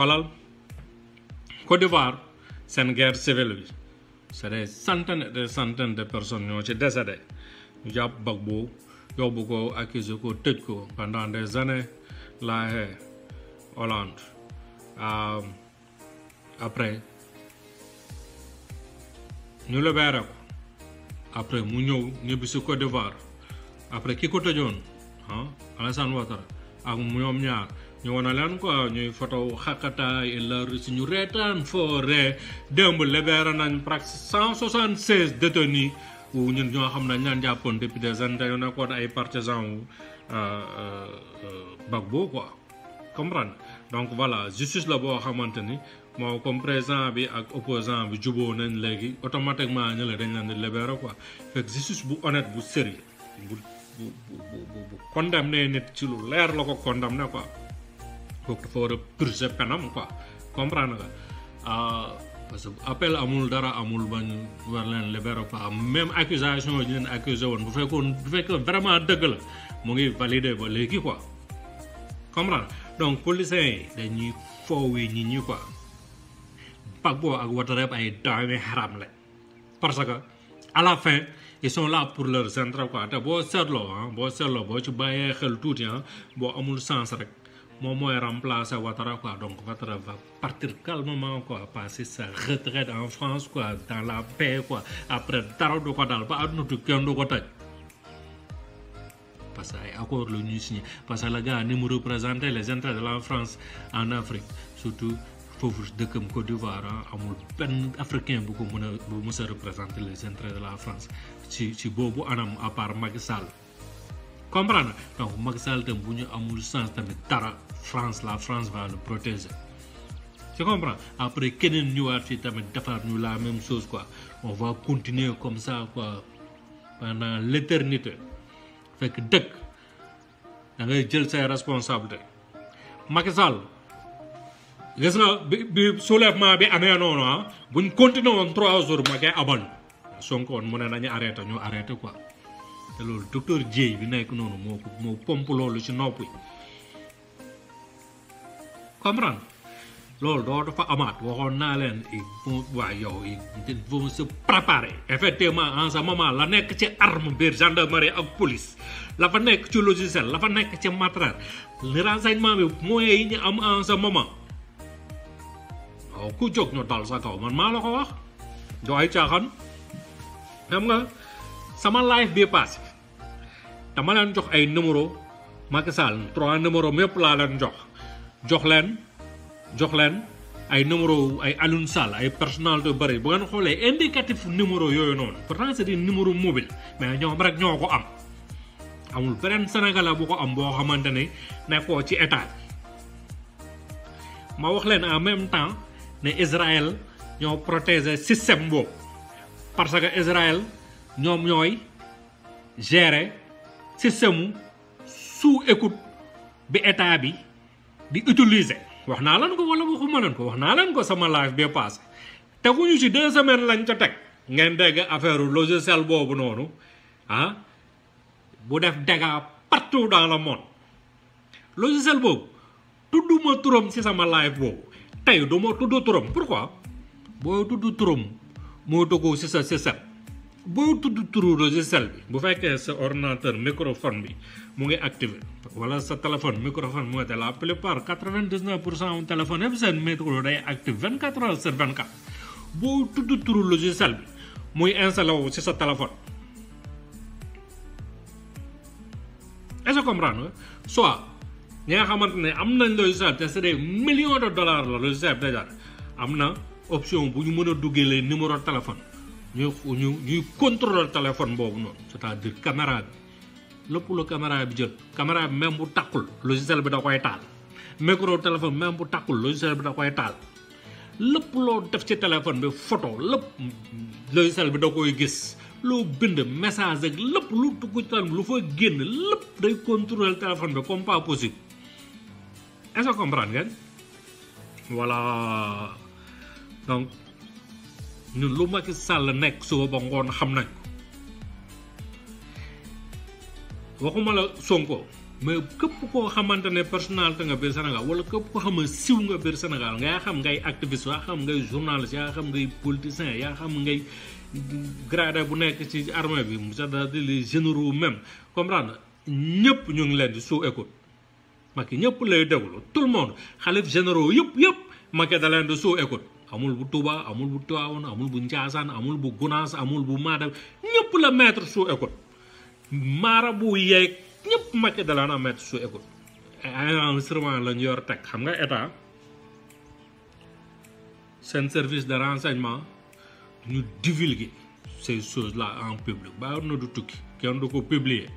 Holal, Côte d'Ivoire seen guerre civile c'est des centaines et des centaines de personnes ñoo ci décédé ñu jàpp Gbagbo yóbbu ko accusé ko tëj ko pendant des années là Haye Hollande après nous le verrons. après mu ñëw ñibbi si Côte d'Ivoire après ki ko tëjoon ah Alassane Ouattara ak ñoom ñaar ñu lan ko ñuy photo xakata e leur retan fore demb libéré nañ prax 176 détenus ou ñun ñoo xam ne ñaan jàppoon depuis des années dañoo nekkoon ay partisans wu Bagbo quoi comprendre donc voilà justice la bo xamante ni moo comme bi ak opposant bi jubo nañ léegi automatiquement ñu la dañ lan di libéré quoi fekk justice bu honnête bu sérieux bu bu bu bu condamné nit ci lu leer la ko condamné quoi booked for a budget apa? quoi comprendre nga uh, amul dara amul ban, warlan, lebar apa? quoi même accusation yi leen accusé woon bu fekkoon bu fekkoon vraiment dëgg la mu ngi valider ba léegi quoi comprendre donc policiers yi eh, dañuy foowee nit ñi quoi Bagbo ak Waterep ay haram lah. parce que à ils sont là pour leurs intérêts quoi te boo seetloo ah boo seetloo boo amul sens Momo est remplacé à Ouattara, quoi. Donc Ouattara va partir calmement, quoi, passer sa retraite en France, quoi, dans la paix, quoi. Après, Tarado, de Quadal, pas à nous, tu parce que encore le ñu signé parce que le gars ni mu les intérêts de la France en Afrique surtout foofu dëkkam Côte d'Ivoire amul benn africain bu ko mën a bu mës a représenter les intérêts de la France Si si boobu anam à part Macky comprendre donc Macky Sall bu ñu amul sens tamit dara France la France va le protéger tu comprends après keneen ñëwaat fii tamit defaat ñu la même sos quoi on va continuer comme ça quoi pendant l'éternité fekk dëkk da jël say responsabilité Macky Sall gis nga bi bi soulèvement bi amee noonu ah, buñ continuer woon trois jours Macky abal Sonko mu ne nañu arrêté ñu arrêté quoi te loolu docteur Dieye bi nekk noonu moo ko moo pomp loolu ci nopp yi comprendre loolu doo dafa amaat waxoon naa leen waa yow il faut se préparer effectivement en ce moment la nekk ci arme biir gendarmerie ak police la fa nekk ci logiciel la fa nekk ci matériel renseignement bi moyens yi ñu am en ce moment ku jóg ñu dal sa kaw man maa la ko wax doo ay caaxaan xam nga sama live bi passé dama leen jox ay numéro Macky Sall trois numéro mépp laa leen jox jox leen jox leen ay numéro ay Alioune Sall ay personnalité yu bëri bu ngeen xoolee indicatif numéro yooyu noonu pourtant c'est numéro mobile mais ñoom rek ñoo ko am amul beneen sénégalais bu ko am boo xamante ne nekkoo ci état ma wax leen en même temps ne Israël ñoo protéger système boobu parce que Israël ñoom ñooy gérer système sous écoute bi état bi di utiliser. wax naa lan ko wala waxuma lan ko wax naa lan ko sama live bee passé teguñu ci deux semaines lañ ca teg ngeen dégg affaire logiciel boobu noonu ah bu def dégâts partout la le monde sel boobu ma turam ci sama live boobu tey du ma tudd turam pourquoi boo tudd turam moo tëggoo ci sa système boo tudd turu logiciel bi bu fekkee sa ordinateur microfone bi mu ngi activé wala sa téléphone microphone mu ngi te la plupart par vingt dix neuf pour cent téléphone yëpp seen micro day active vingt quatre heures boo tudd turu logiciel bi muy installé wu ci sa téléphone est-ce que comprendre soit ñi nga xamante ne am nañ logiciel te c'est des millions de dollars la logiciel bi déjà am na option bu ñu mën a duggee numéro téléphone ñu ñu ñuy contrôler téléphone boobu noonu c'est-à-dire caméra bi lépp lu caméra bi jël caméra bi même bu tàkkul logiciel bi da bi da koy taal lépp loo def ci téléphone bi photo lépp logiciel bi da koy gis loo bind message ak lu dugg ci téléphone lu fa génn lépp day contrôler téléphone bi comme pas possible est-ce que comprendre ngeen donc ñun lu Macky Sall nekk suba ba ngoon xam nañ ko waxuma la Sonko mais képp koo xamante ne personnalité nga biir Sénégal wala képp koo xam ne siw nga biir Sénégal nga xam ngay activiste yaa xam ngay journaliste yaa xam ngay politicien yaa xam ngay gradé bu nekk ci armée bi c'est-à-dire les généraux même comprendre ñëpp ñu ngi leen di sous écoute Macky ñëpp lay déglu tout le monde xalif généro yëpp yëpp Macky da leen di sous écoute amul bu Touba amul bu Tivaouane amul bu amul bu amul bu Matam ñëpp la maître sous école maara bu yeeg ñëpp Macky da la na maître sous école ay instrument la ñor tek xam nga état sen service de renseignement ñu divulguer ces choses là en public ba no du tukki kenn du ko publier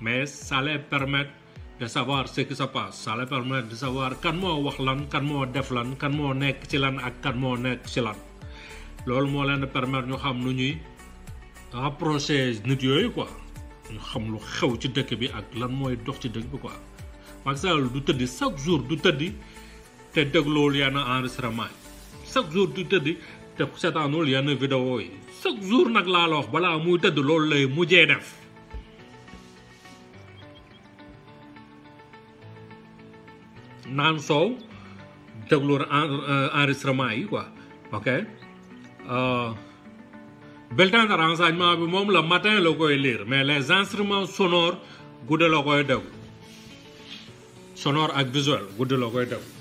mais ça les permettre de savoir ce qui se passe ça lui permet de savoir kan moo wax lan kan moo def lan kan moo nekk ci lan ak kan moo nekk ci lan loolu moo leen permettre ñu xam lu ñuy rapprocher nit yooyu quoi ñu xam lu xew ci dëkk bi ak lan mooy dox ci dëkk bi quoi Macky Sall du tëdd chaque jour du tëdd te dégloolu yenn enregistrement yi chaque jour du tëddi te seetaanul yenn vidéo yi chaque jour nag laa la wax balaa muy tëdd loolu lay mujjee def nansou daglor enregistrement yi quoi ok bulletin de renseignement bi moom le matin la koy lire mais les instruments sonores guddi la koy déglu sonore ak visuel guddi la koy déglu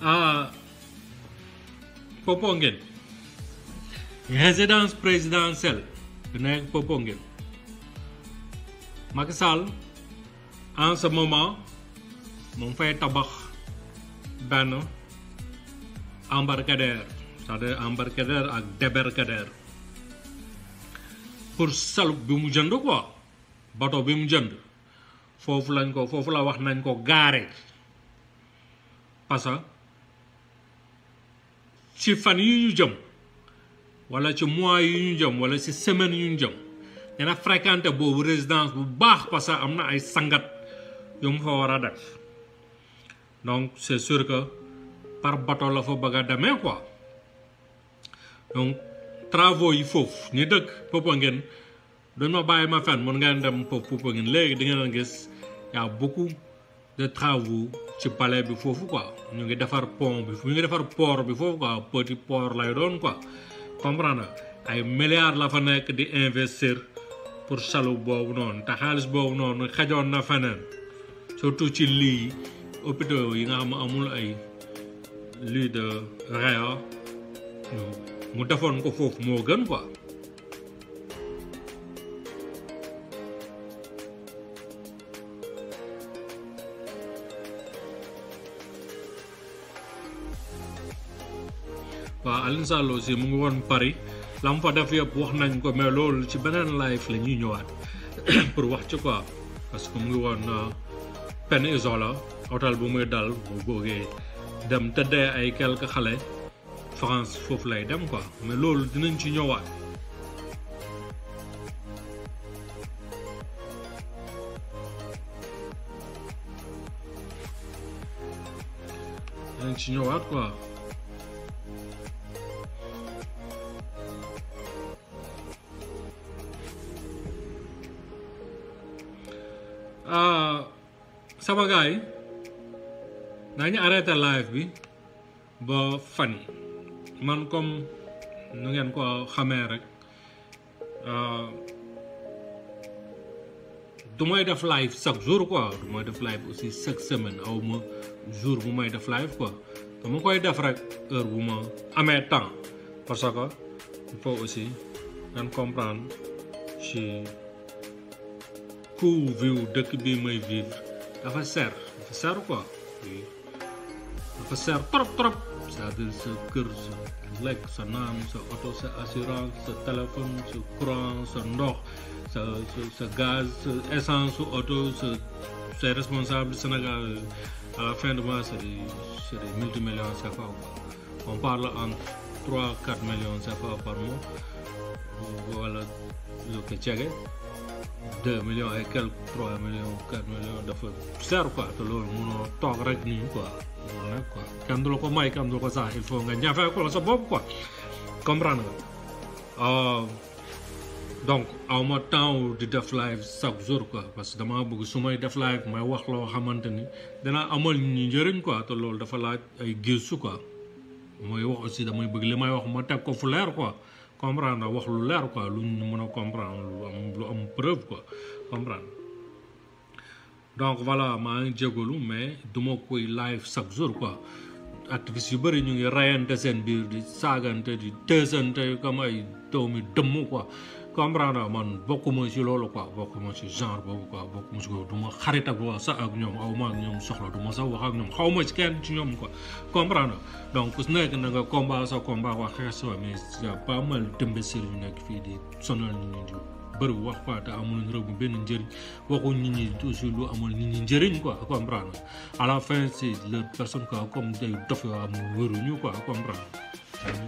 Ah. Popongen. Residence kena nekk Popongen Macky Sall en ce moment mon fait fay Ben. Ambarkader. embarcadère ambarkader ak débarcadère pour salub bimu jandu quoi bateau bi mu jënd lañ ko foofu la wax nañ ko gaare Pasa ci fan yu ñu jëm wala ci mois yu ñu jëm wala ci semaine yu ñu jëm fréquenté boobu résidence bu baax parce que am ay sangat yu mu fa war a def donc c' est sûr que par bateau la fa bëgg a demee quoi donc travaux yi foofu ñu dëkk ngeen duñ ma bàyyi ma fenn mën ngeen dem ngeen léegi di ngeen gis y' beaucoup de travaux ci palais bi fofu quoi ñu ngi défar pont bi ñu ngi défar port bi fofu quoi petit port lay doon quoi comprendre ay milliards la fa nek di investir pour salu bobu non ta xaliss bobu non xajoon na feneen surtout ci li hôpitaux yi nga xam amul ay lii de rayon mu defon ko fofu mo gën quoi waaw Alioune Sall aussi mu ngi Paris la fa def yëpp wax nañ ko mais loolu ci beneen live la ñuy ñëwaat pour wax ci quoi parce que mungu wan pen isola hôtel bu muy dal bu bëggee dem tëddee ay quelque xale France foofu lay dem quoi melol loolu dinañ ci ñëwaat dinañ ci quoi sama gars yi daañu arrêté live bi ba fan man comme nu ngeen ko xamee rek euh, du may def live chaque jour quoi du may def live aussi chaque semaine aw ma jour bu may def live quoi dama koy def rek heure bu ma amee temps parce que il aussi ngeen comprendre ci couvre-feu dëkk bi may vivre sert quoi? ça sert TROP TROP c'est-à-dire ce cœur, ce leg, ce nom, ce auto, ce assurance, ce téléphone, ce courant, ce nord, ce, gaz, ce essence, ce auto, c'est ce responsable Sénégal. À la uh, fin de mois, c'est des, multimillions de CFA. On parle entre 3-4 millions de CFA par mois. Voilà le que eh? 2 millions et quelques 3 millions dafa cher quoi te loolu mënoo toog rek nii quoi loolu nag quoi du la ko may kenn du la ko sax il faut nga ñaafee ko la sa bopp quoi comprendre nga euh, donc aw ma temps di def live chaque jour quoi parce que damaa bëgg su may def live may wax loo xamante ni danaa amal ñu njëriñ quoi te loolu dafa laaj ay gëstu quoi mooy wax aussi damay bëgg li may wax ma teg ko fu leer quoi comprendre wax lu leer quoi lu ñu mën a comprendre lu preuve quoi comprendre donc voilà maa ngi jégalu mais du ma koy live chaque jour quoi activiste yu bëri ñu ngi rayante seen biir di saagante di teesante comme ay doomi dëmm quoi comprendre man bokkuma ci loolu quoi bokkuma si genre boobu quoi bokkuma ci loolu du ma xarit ak ak ñoom aw ma ak ñoom soxla du ma sax wax ak ñoom xaw ma ci kenn ci ñoom quoi comprendre donc ku nekk na nga combat sa combat a pas mal nekk fii di sonal nit ñi di bëri wax amul rëbb benn njëriñ waxuñ nit ñi toujours lu amul nit ñi njëriñ quoi comprendre à la fin c'est leur personne quoi comme day dof yoo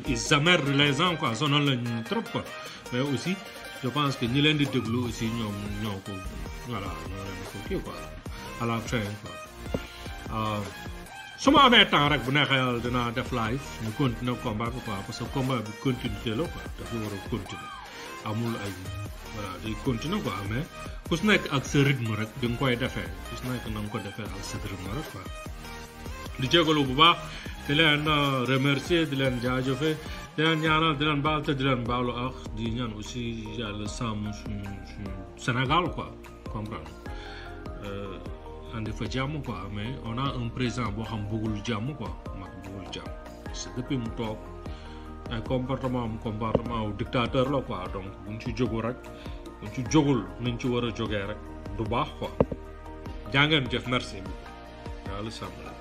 ils amèrent les gens quoi sonal lañ trop mais aussi je pense que ñi leen di déglu aussi ñoom ñoo ko voilà ñoo leen ko quoi à la fin quoi euh, su ma temps rek bu neexee dina dinaa def live ñu continuer combat quoi parce que combat bi continuer lo quoi dafa war continuer amul ay voilà day continuer quoi mais ku si ak ce rythme rek bi nga koy defee ku nang ko defee ak sa rythme rek quoi li jégalu bu baax fileen no uh, remercier di leen jaajëfe di leen ñaanal di leen baal te di leen baalu ak di ñaan aussi yàlla sàmm suñu suñu Sénégal quoi comprendre uh, andi fa jàmm a un président boo xam bëggul jàmm ko mag bëggul jàmm parce que depuis mu toog ay e, comportement am comportement wu dictateur la ko donc buñ ci jógu rek buñ ci ci war a jógee rek du baax quoi jaa ngeen jëf merci yàlla sàmm